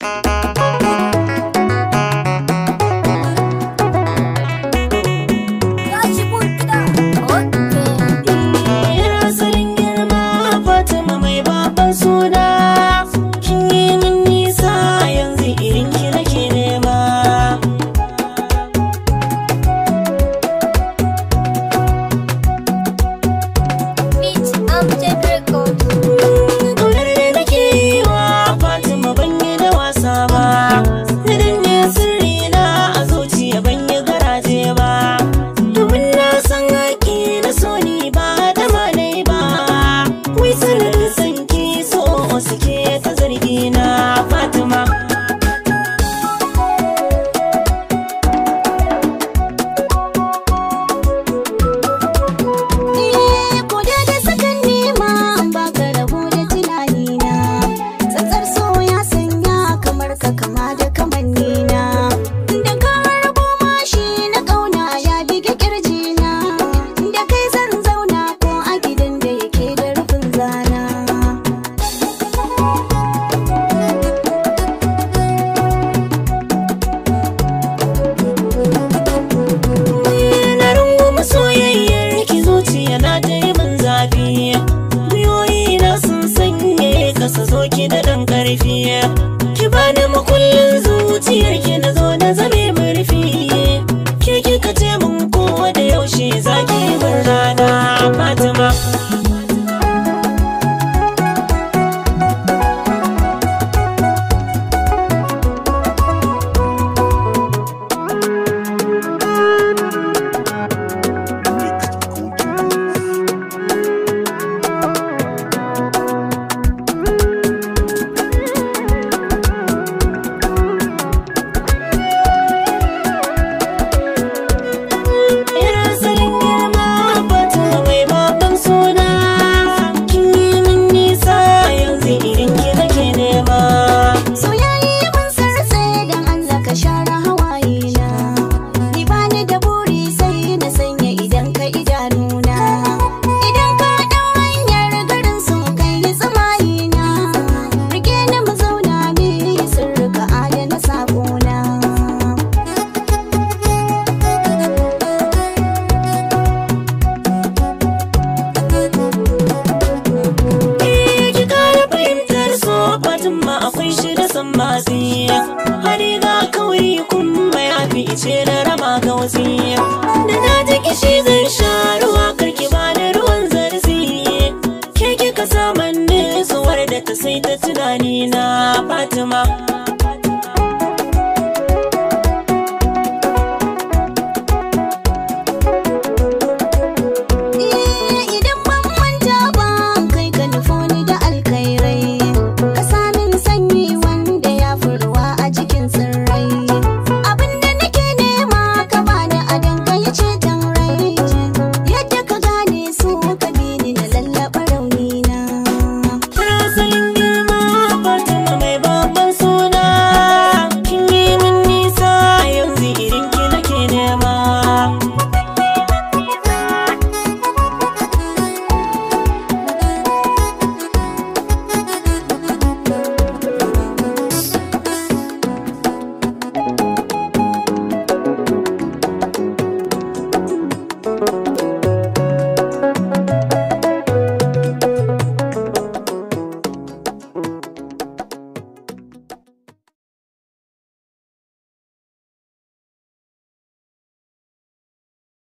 Música zafi gwiwoyi na sun sanye kasa zo da ɗan ƙarfi watsi hari ga kauri kun mayafi ice na raba ga watsi da na ji kishi zai sha ruwa karki ba da ruwan zarzi ke kika saman nutsuwar da ta sai ta tunani na fatima